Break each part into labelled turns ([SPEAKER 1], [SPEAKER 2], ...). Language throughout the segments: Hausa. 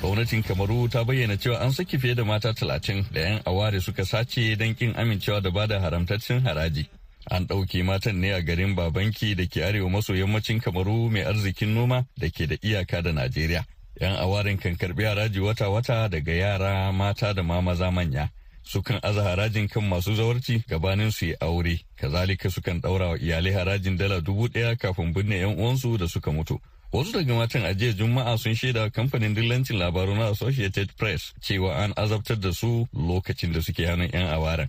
[SPEAKER 1] gwamnatin
[SPEAKER 2] kamaru ta bayyana cewa an saki fiye da mata talatin da 'yan aware suka sace don kin amincewa da bada haramtaccen haraji an ɗauke matan ne a garin babanki da ke arewa maso yammacin kamaru mai arzikin noma da ke da iyaka da najeriya 'yan awarin kan karbi haraji wata-wata daga yara mata da ma maza manya sukan aza harajin kan masu zawarci gabanin su yi aure kazalika sukan ɗaura wa iyalai harajin dala dubu ɗaya kafin binne 'yan uwansu da suka mutu Wasu daga matan a Juma'a sun shaida kamfanin dillancin labaru na Associated Press cewa an azabtar da su lokacin da suke hannun 'yan awaren.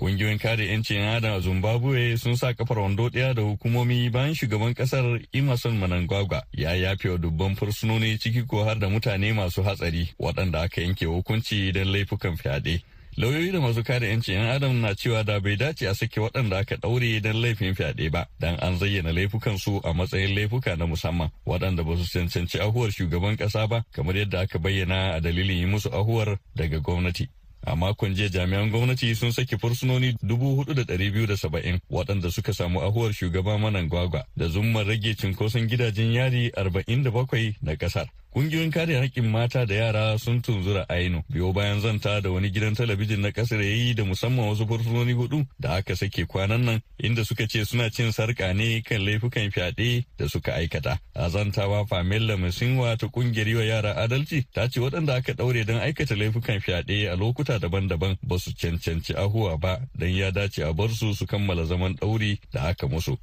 [SPEAKER 2] Ƙungiyoyin kare 'yancin adam a Zimbabwe sun sa kafar wando ɗaya da hukumomi bayan shugaban ƙasar Emerson Mnangagwa ya yafe wa dubban fursunoni ciki ko har da mutane masu hatsari waɗanda aka yanke hukunci don laifukan fyaɗe. lauyoyi da masu kare 'yancin 'yan adam na cewa da bai dace a sake waɗanda aka ɗaure don laifin fyaɗe ba don an zayyana laifukan su a matsayin laifuka na musamman waɗanda ba su cancanci ahuwar shugaban ƙasa ba kamar yadda aka bayyana a dalilin yi musu ahuwar daga gwamnati a makon jiya jami'an gwamnati sun saki fursunoni 4,270 waɗanda suka samu ahuwar shugaba manan gwagwa da zumman rage cinkoson gidajen yari arba'in da bakwai na ƙasar Ƙungiyoyin kare haƙƙin mata da yara sun tunzura aino biyo bayan zanta da wani gidan talabijin na ƙasar ya yi da musamman wasu fursunoni hudu da aka sake kwanan nan inda suka ce suna cin sarƙa ne kan laifukan fyaɗe da suka aikata. A zantawa Famila Masinwa ta ƙungiyar yiwa yara adalci ta ce waɗanda aka ɗaure don aikata laifukan fyaɗe a lokuta daban-daban ba su cancanci ahuwa ba don ya dace a bar su su kammala zaman ɗauri da aka musu.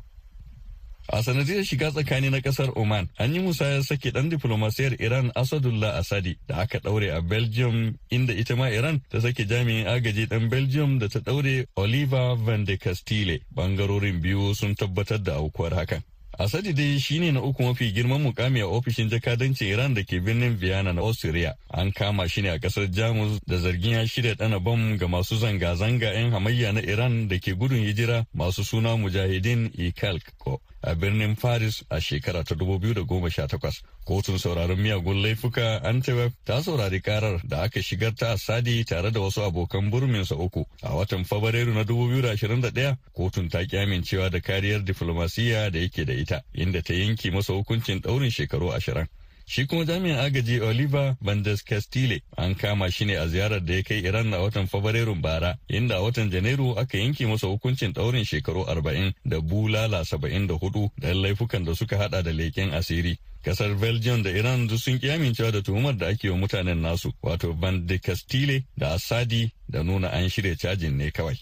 [SPEAKER 2] A sanadiyar shiga tsakani na kasar Oman, an yi musayar sake dan diplomasiyar Iran Asadullah Asadi da aka daure a Belgium inda ita ma Iran ta sake jami'in agaji dan Belgium da ta daure Oliver van de Castile. Bangarorin biyu sun tabbatar da aukuwar hakan. Asadi dai shine na uku mafi girman mukami a ofishin jakadancin Iran da ke birnin Vienna na Austria. An kama shi ne a kasar Jamus da zargin ya shirya dana bam ga masu zanga-zanga 'yan hamayya na Iran da ke gudun hijira masu suna Mujahidin Ikalko. a birnin Paris a shekara ta 2018. Kotun sauraron miyagun laifuka Antwerp ta saurari karar da aka shigar ta Sadi tare da wasu abokan burminsa uku. A watan Fabrairu na 2021, kotun ta kyamin cewa da kariyar diflomasiyya da yake da ita, inda ta yanke masa hukuncin daurin shekaru ashirin. Shi kuma jami'in agaji Oliver Bandes Castile an kama shi ne a ziyarar da ya kai Iran a watan Fabrairun bara, inda a watan Janairu aka yanke masa hukuncin ɗaurin shekaru arba'in da bulala saba'in da hudu da laifukan da suka hada da leken asiri. Kasar Belgium da Iran duk sun amincewa da tuhumar da ake wa mutanen nasu, wato Bande Castile da Asadi da nuna an shirya cajin ne kawai.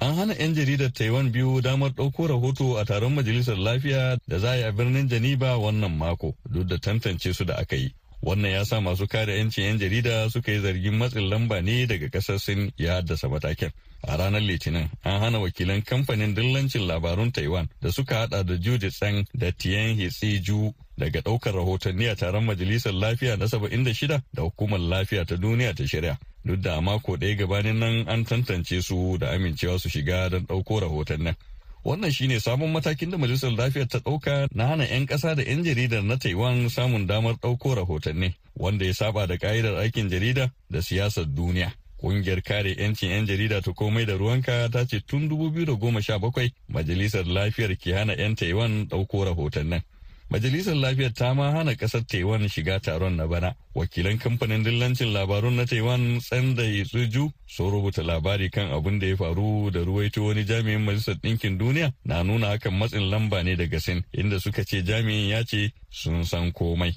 [SPEAKER 2] An hana 'yan jaridar Taiwan biyu damar ɗauko rahoto a taron Majalisar Lafiya da za a yi a birnin Janiba wannan mako duk da tantance su da aka yi. Wannan ya sa masu kare 'yancin 'yan jarida suka yi zargin matsin lamba ne daga ƙasar Sin ya haddasa matakin. A ranar Litinin, an hana wakilan kamfanin dillancin labarun Taiwan da suka hada da Jude Tsang da Tian Ju daga ɗaukar rahotanni a taron Majalisar Lafiya na 76 da Hukumar Lafiya ta Duniya ta shirya. duk da mako ɗaya gabanin nan an tantance su da amincewa su shiga don ɗauko rahoton nan. Wannan shine sabon matakin da Majalisar Lafiyar ta ɗauka na hana 'yan ƙasa da 'yan jaridar na Taiwan samun damar ɗauko rahotanni wanda ya saba da ƙa'idar aikin jarida da siyasar duniya. Ƙungiyar kare 'yancin 'yan jarida ta komai da ruwanka ta ce tun 2017 Majalisar Lafiyar ke hana 'yan Taiwan ɗauko rahotannin. Majalisar Lafiyar ta ma hana kasar Taiwan shiga taron na bana. Wakilan kamfanin dillancin labarun na Taiwan Tsanda Tsuju sun rubuta labari kan abin da ya faru da ruwaito wani jami'in Majalisar Ɗinkin Duniya na nuna hakan matsin lamba ne daga Sin inda suka ce jami'in ya ce sun san komai.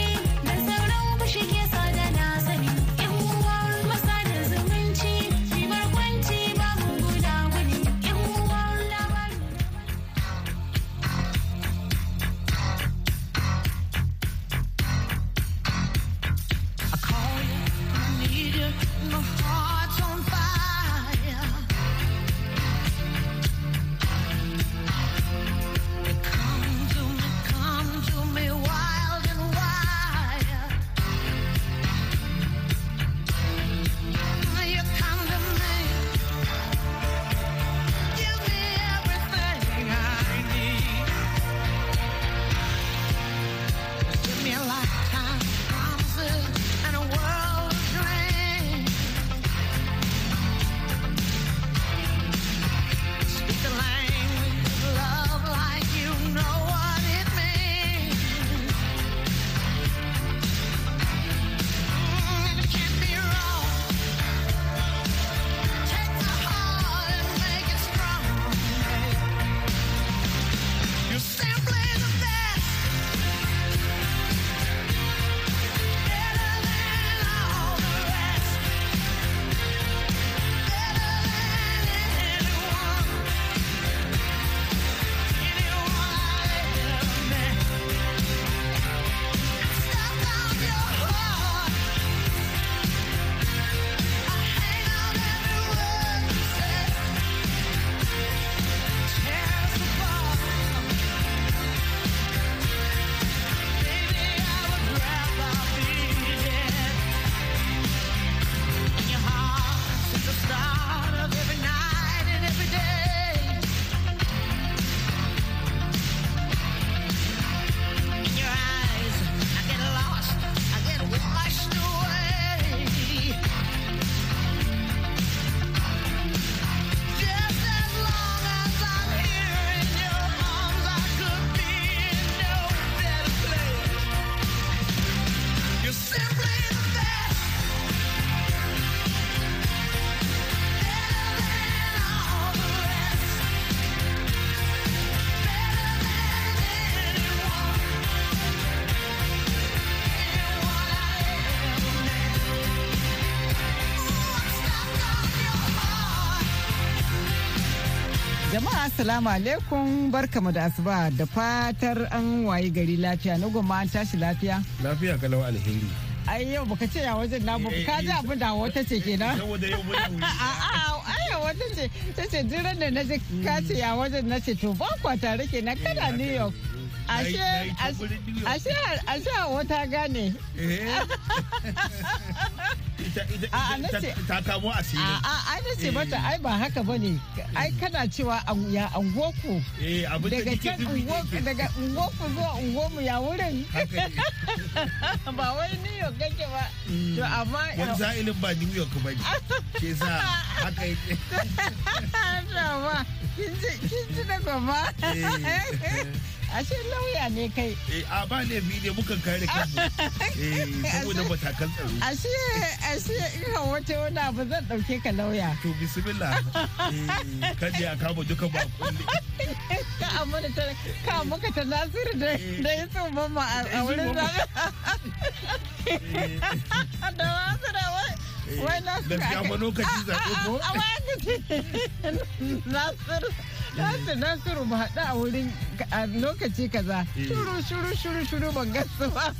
[SPEAKER 3] Assalamu alaikum barkamu da asuba da fatar an wayi gari lafiya na goma an tashi lafiya.
[SPEAKER 4] Lafiya kalau alheri.
[SPEAKER 3] Ai yau baka ce ya wajen na ka ji abin da wata ce kenan.
[SPEAKER 4] Saboda yau wani
[SPEAKER 3] A'a wata ce ta ce duran da na ji ka ce ya wajen na ce to ba kwa tare kenan kada New York. ashe wata gane
[SPEAKER 4] eh. ta kamo asiri a a ce mata ai
[SPEAKER 3] ba haka ba ne?" ai eh. kana cewa ya
[SPEAKER 4] angoku eh, daga
[SPEAKER 3] can ungoku daga ungoku zuwa ungomu ya wurin ba wai new york kake ba mm. to amma wani sa'ilin
[SPEAKER 4] ba new york ba ne ke sa
[SPEAKER 3] haka yi ba, kin ci na gaba
[SPEAKER 4] ashe lauya ne kai eh a ba ne bi ne mukan kare kanmu eh saboda matakan tsaro
[SPEAKER 3] ashe ashe ina wata wani abu zan ɗauke ka lauya
[SPEAKER 4] to bisimila. eh kan ya kama duka ba kulli
[SPEAKER 5] ka amma ta ka maka ta nasiru da da ya tsoma ma a wurin zaka da wasu da wai nasiru gaskiya manokaci zaɓe ko a wani nasiru Nasir
[SPEAKER 3] Nasiru ba haɗu a wurin lokaci kaza. Eh. Shuru shuru shuru shuru ban gasu ba.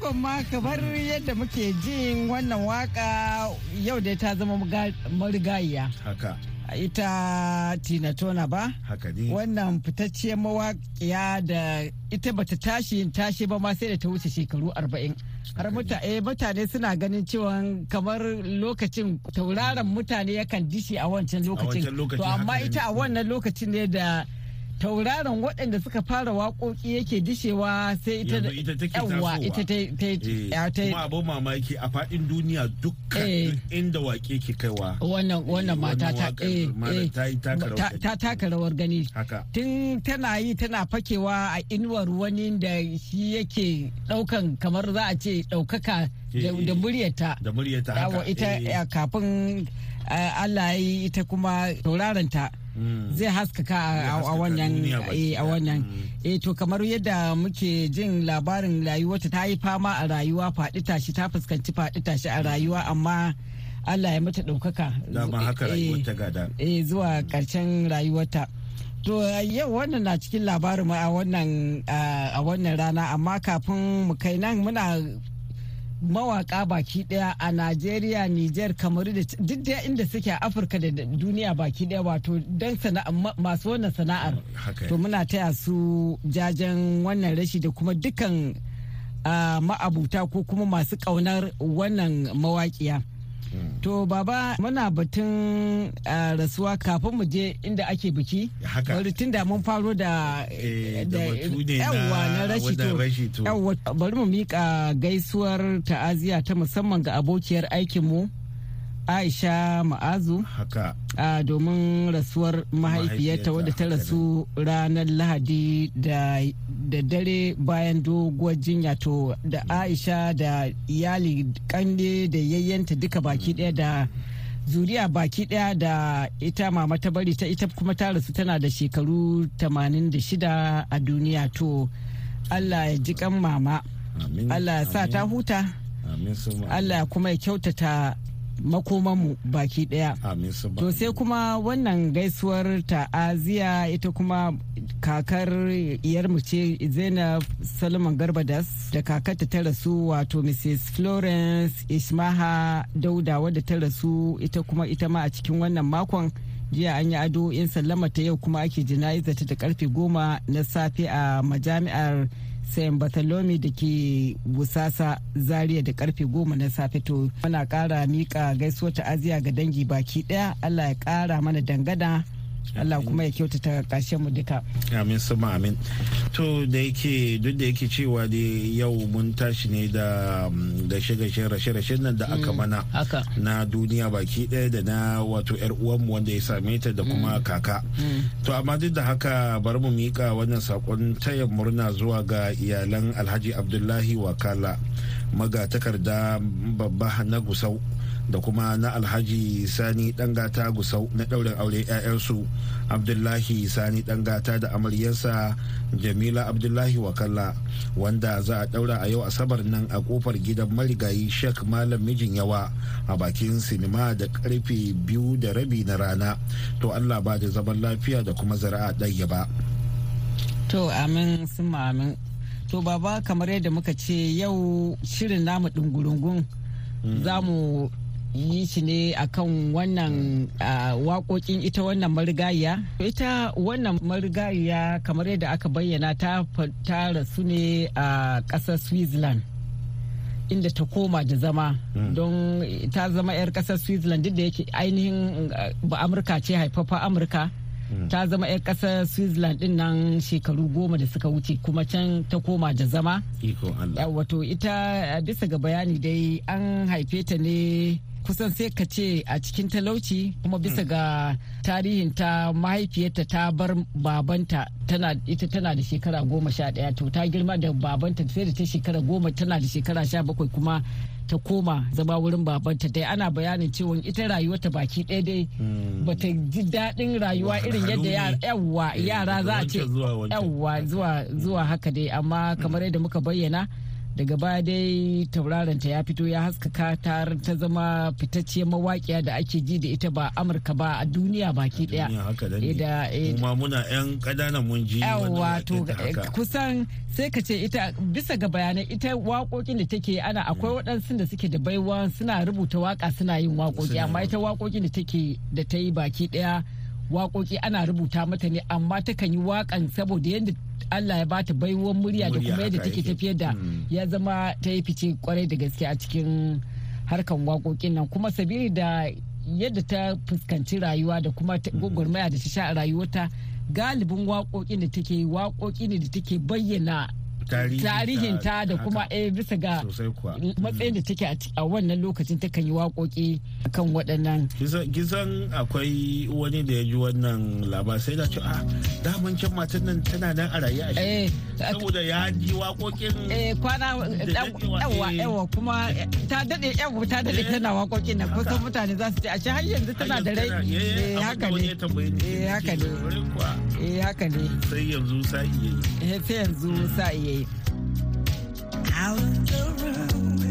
[SPEAKER 3] To ma kamar yadda muke jin wannan waka yau dai ta zama marigayya Haka. ita tina tona ba wannan fitacciyar mawaƙiya da ita bata tashi yin tashi ba ma sai da ta wuce shekaru arba'in har eh, mutane suna ganin cewa kamar lokacin tauraron mutane yakan dishi a wancan lokacin to amma ita a wannan lokacin ne da tauraron waɗanda suka fara waƙoƙi yake dishewa sai ita da yawa ita ta ta eh, kuma
[SPEAKER 4] abin mamaki a faɗin duniya dukkan eh. inda waƙe ke kaiwa wannan wannan eh, mata ta
[SPEAKER 3] ta taka rawar gani tun tana yi tana fakewa a inuwar wani da shi yake ɗaukan kamar za a ce ɗaukaka da muryarta da
[SPEAKER 4] muryarta haka ita
[SPEAKER 3] kafin Allah ya yi ita kuma tauraron ta Mm. zai haskaka a wannan eh, a wannan mm. eh to kamar yadda muke jin labarin rayuwarta ta yi fama a rayuwa faɗi tashi ta fuskanci faɗi tashi a rayuwa amma Allah ya mata ɗaukaka. Eh, eh, zuwa ƙarshen rayuwarta. To yau wannan na cikin labarin a wannan rana amma kafin mu kai nan muna mawaka baki daya a Najeriya, Nijar, Kamaru da duk da inda suke a Afirka da duniya baki daya wato don masu wannan sana'ar. To muna taya su jajen wannan rashi da kuma dukan ah, ma'abuta ko kuma masu kaunar wannan mawaƙiya. To baba muna batun rasuwa kafin mu je inda ake biki. Bari tun da mun faro da eh, yawwa na rashi to. bari mu miƙa gaisuwar ta'aziya ta musamman ga abokiyar aikinmu. aisha ma'azu a domin rasuwar mahaifiyarta wadda ta rasu ranar lahadi da dare bayan doguwar jinya to da mm. aisha da iyali kande da yayyanta duka baki daya mm. da zuriya baki daya da ita mama ta bari ta ita kuma ta rasu tana da shekaru 86 a duniya to allah ya ji kan mama allah ya sa ta huta allah kuma ya kyautata makomanmu baki daya. To sai kuma wannan gaisuwar ta'aziya ita kuma kakar iyarmu ce Zainab salman Garbadas da kakarta ta rasu wato Mrs. Florence Ismaha Dauda wadda ta rasu ita kuma ita ma a cikin wannan makon jiya an yi ado in sallama ta yau kuma ake jana'izata da karfe goma na safe a majami'ar sayan batalomi da ke busasa zariya da karfe goma na safe to muna kara mika gaisuwar aziya ga dangi baki daya allah ya kara mana dangana Allah kuma ya kyautata ƙarshen
[SPEAKER 4] mu duka amin sama amin to da yake duk da yake cewa da yau mun tashi ne da gashe gashe rashe rashe nan da aka mm, mana na duniya baki ɗaya da na wato yar uwanmu wanda ya same ta da kuma mm, kaka mm. to amma duk da haka bari mu mika wannan saƙon tayan murna zuwa ga iyalan Alhaji Abdullahi Wakala magatakarda babba na Gusau da kuma na alhaji sani dangata gusau na ɗaurin aure 'ya'yansu abdullahi sani dangata da amaryarsa jamila abdullahi wakalla wanda za a daura a yau asabar nan a kofar gidan marigayi sheikh malam mijin yawa a bakin sinima da karfe biyu da rabi na rana to allah ba da zaman lafiya da kuma zara'a ɗaya ba
[SPEAKER 3] to amin sun amin to baba kamar yadda muka ce yau shirin namu ɗungurungun hmm. za mu yi shi ne akan wannan waƙoƙin ita wannan marigayya ita wannan marigayya kamar yadda aka bayyana ta rasu ne a ƙasar switzerland inda ta koma da zama hmm. don ta zama 'yar ƙasar switzerland duk da yake ainihin ba amurka ce haifafa amurka hmm. ta zama 'yar ƙasar switzerland din nan shekaru goma da suka wuce kuma can ta koma da zama wato ita bisa ga bayani dai an haife ta ne kusan sai ka ce a cikin talauci kuma bisa hmm. ga tarihin ta mahaifiyarta ta bar babanta tana ita tana da shekara goma sha ɗaya to ta girma da babanta sai da ta shekara goma tana da shekara sha bakwai kuma ta koma zama wurin babanta dai ana bayanin cewa ita rayuwarta baki ɗaya dai hmm. bata ji daɗin rayuwa irin yadda yawwa eh, yara za a ce yawwa hmm. zuwa haka dai amma kamar yadda muka bayyana daga baya dai tauraron ta ya fito ya haskaka ta ta zama fitacciyar mawaƙiya da ake ji da ita ba amurka ba a duniya baki daya da kuma eh,
[SPEAKER 4] muna yan kadanan mun ji wato eh,
[SPEAKER 3] kusan sai ka ce ita bisa ga bayanai ita waƙoƙin da take ana akwai mm. waɗansu da suke da baiwa suna rubuta waka suna yin wakoki amma ita wakokin da take da ta yi baki daya waƙoƙi ana rubuta mata ne amma takan yi waƙan saboda yadda Allah ya bata baiwar murya da kuma yadda take tafiyar da hmm. ya zama ta yi fice kwarai da gaske a cikin harkan waƙoƙin nan kuma sabiri da yadda ta fuskanci rayuwa da kuma hmm. gwagwarmaya da ta sha a rayuwarta galibin waƙoƙin da take waƙoƙi ne da take bayyana tarihin ta da kuma a eh, bisa ga matsayin da take a wannan lokacin ta kan yi waƙoƙi kan
[SPEAKER 4] waɗannan gizan akwai wani da ya ji wannan labar sai da ce a ah, daman can matan nan tana nan a raye a shi eh, saboda ya ji waƙoƙin eh kwana
[SPEAKER 3] eh, yawa yawa kuma ta dade yawa ta daɗe tana waƙoƙin nan kusan mutane za su ce a shi har yanzu tana da rai eh haka ne eh haka ne eh haka ne
[SPEAKER 4] sai yanzu sa'iyayi
[SPEAKER 3] sai yanzu sa
[SPEAKER 5] Out of the room.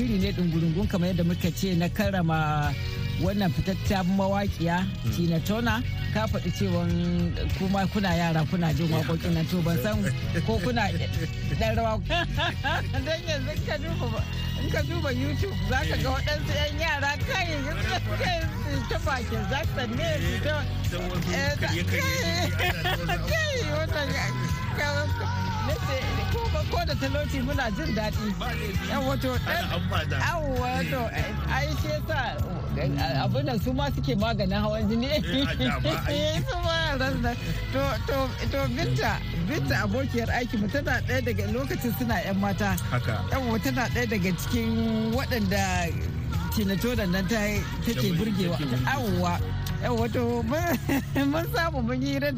[SPEAKER 3] shiri ne dungurungun kamar yadda muka ce na karrama wannan fitattun mawaƙiya hmm. tina tona ka faɗi cewa kuma kuna yara kuna jin waƙoƙin na to ban san ko kuna ɗan rawa don yanzu ka duba in ka duba youtube za ka ga waɗansu 'yan yara kai ta bakin zaksan ne su ta eh, kai wannan ko da talauci muna jin daɗi yan wato eh, yan wato eh, ai shi yasa eh, abin nan su ma suke maganin hawan jini su ma da to binta binta abokiyar aiki mu tana ɗaya daga lokacin suna yan mata yan wata tana ɗaya daga cikin waɗanda tinato da nan ta take burgewa awwa wato mun samu mun yi da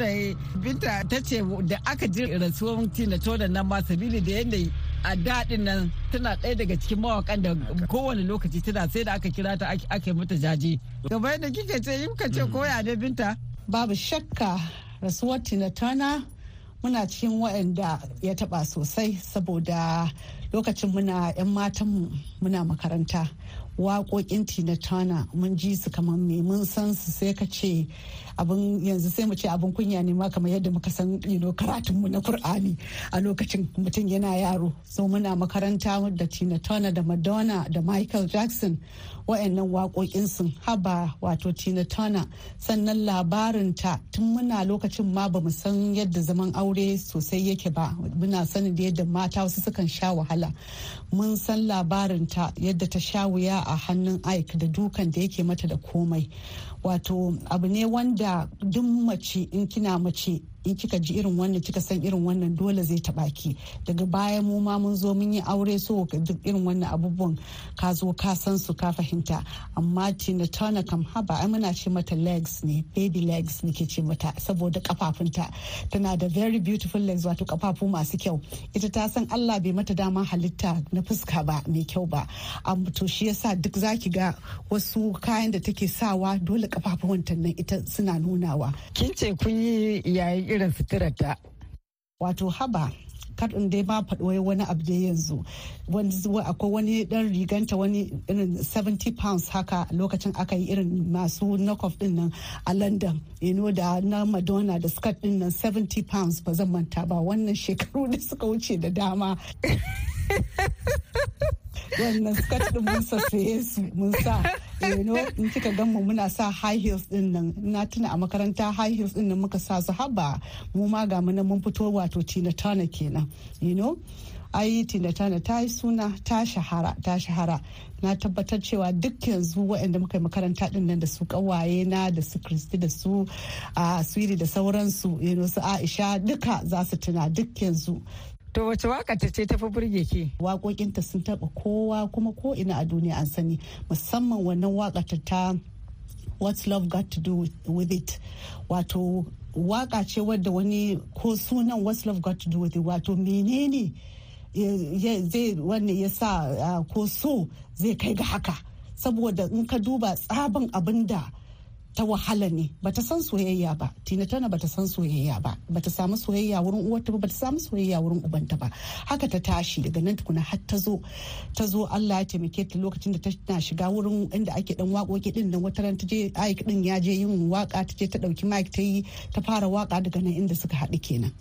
[SPEAKER 3] binta ta ce da aka ji rasuwar tina tona nan ma sabili da yadda a daɗin nan tana ɗaya daga cikin mawakan da kowane lokaci tana sai da aka kira ta ake mata jaje gaba da kike ce yi ka
[SPEAKER 6] ce koya da binta babu shakka rasuwar tina tana muna cikin waɗanda ya taɓa sosai saboda lokacin muna 'yan matanmu muna makaranta waƙoƙin tina Turner mun ji su kamar mai mun san su sai ka ce abin yanzu sai mu ce abin kunya ne ma kamar yadda muka san you karatun mu na Kur'ani a lokacin mutum yana yaro so muna makaranta da Tina tona da Madonna da Michael Jackson wayannan waƙoƙin sun haba wato Tina tona sannan labarin ta tun muna lokacin ma bamu san yadda zaman aure sosai yake ba muna sanin da yadda mata wasu sukan sha wahala mun san labarin ta yadda ta sha wuya a hannun Ike da dukan da yake mata da komai wato abu ne wanda duk mace in kina mace in kika ji irin wannan kika san irin wannan dole zai taba ki daga baya mu ma mun zo mun yi aure so duk irin wannan abubuwan ka zo ka san su ka fahimta amma tina tana kam haba ai muna ce mata legs ne baby legs nake ce mata saboda kafafunta tana da very beautiful legs wato kafafu masu kyau ita ta san Allah bai mata dama halitta na fuska ba mai kyau ba amma to shi yasa duk zaki ga wasu kayan da take sawa dole kafafuwan nan ita suna nunawa kin ce kun yi yayi irin suturarta. Wato haba kaɗin dai ma faɗi wani abu da yanzu akwai wani ɗan riganta wani irin 70 pounds haka lokacin aka yi irin masu knockoff ɗin nan a london ino da na madonna da skirt ɗin nan 70 pounds ba zan manta ba wannan shekaru da suka wuce da dama wannan skirt ɗin mun su mun sa yano in kika gan mu muna sa high heels din nan na tuna a makaranta high heels din nan muka sa su haba mu ma ga mun mun fito wato Tina tana kenan you know ai Tina tana ta yi suna ta shahara ta shahara na tabbatar cewa duk yanzu waɗanda muka yi makaranta din nan da su kawaye na da su kristi da su a ah, da sauransu yano su Aisha duka za su tuna duk yanzu To wace waka ta ce tafi burge ki? Waƙoƙinta sun taɓa kowa kuma ko ina a duniya an sani musamman wannan waƙata ta What's Love Got to Do With It wato waka ce wadda wani ko sunan What's Love Got to Do With It wato menene eh, zai wani ya sa ah, ko so zai kai ga haka saboda in ka duba tsabin abin da ta wahala ne ba ta san soyayya ba tina tana ba ta san soyayya ba ba ta samu soyayya wurin uwarta ba ba ta samu soyayya wurin ubanta ba haka ta tashi daga nan tukuna har ta zo ta zo Allah ya taimake ta lokacin da ta tana shiga wurin inda ake dan waƙoƙi din nan wata ran ta je aik din ya je yin waka ta je ta dauki mic ta yi ta fara waka daga nan inda suka haɗu kenan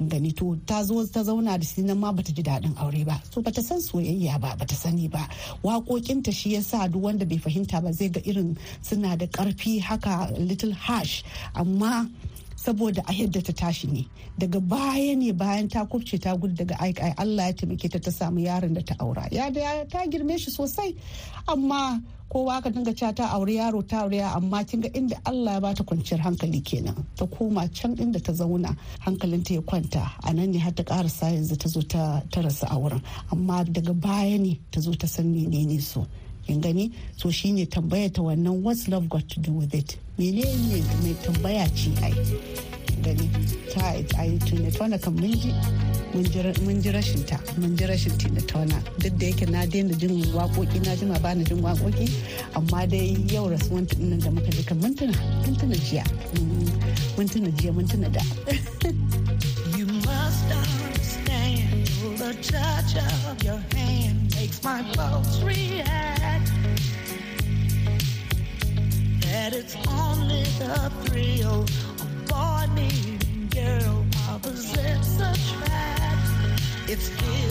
[SPEAKER 6] gani to ta zo ta zauna da shi sinan ma ba ta ji daɗin aure ba so ta san soyayya ba ba ta sani ba waƙoƙinta shi yasa duk wanda bai fahimta ba zai ga irin suna da karfi haka haka little harsh amma saboda a yadda ta tashi ne daga baya ne bayan ta kubce ta gudu daga aikai Allah ya taimake ta ta samu yaron da ta aura ya da ta girme shi sosai amma kowa ka dinga cewa ta aure yaro ta aure amma kin ga inda Allah ya bata kwanciyar hankali kenan ta koma can inda ta zauna hankalin ta ya kwanta a nan ne har ta sa yanzu ta zo ta rasa auren amma daga baya ne ta zo ta san menene so kin gani so shine tambaya ta wannan what's love got to do with it menene mai tambaya ce ai gani ta ai tunatona kan mun ji mun ji rashin ta mun ji rashin tunatona duk da yake na daina jin waƙoƙi na jima ba na jin waƙoƙi amma dai yau rasuwan tunan da muka ji kan mun tuna mun tuna jiya mm-hmm. mun tuna jiya mun tuna da
[SPEAKER 5] You must understand the touch of your hand makes my pulse react. That it's only the thrill of boy meeting girl opposites attract. It's fear.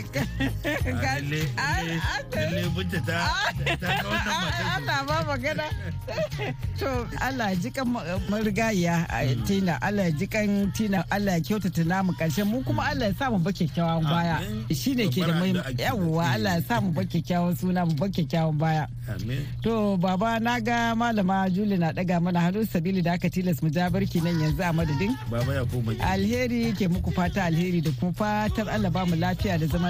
[SPEAKER 5] Allah
[SPEAKER 3] ba magana. To Allah jikan marigaya Tina, Allah jikan Tina, Allah karshen mu kuma Allah ya samu ba kyakkyawan baya. Shi ne ke da mai yawwa Allah ya samu ba kyakkyawan suna mu ba kyakkyawan baya. To baba na ga malama Juli na daga mana hannu sabili da aka tilas mu jabarki nan yanzu a madadin. Alheri ke muku fata alheri da kuma fatar Allah ba mu lafiya da zama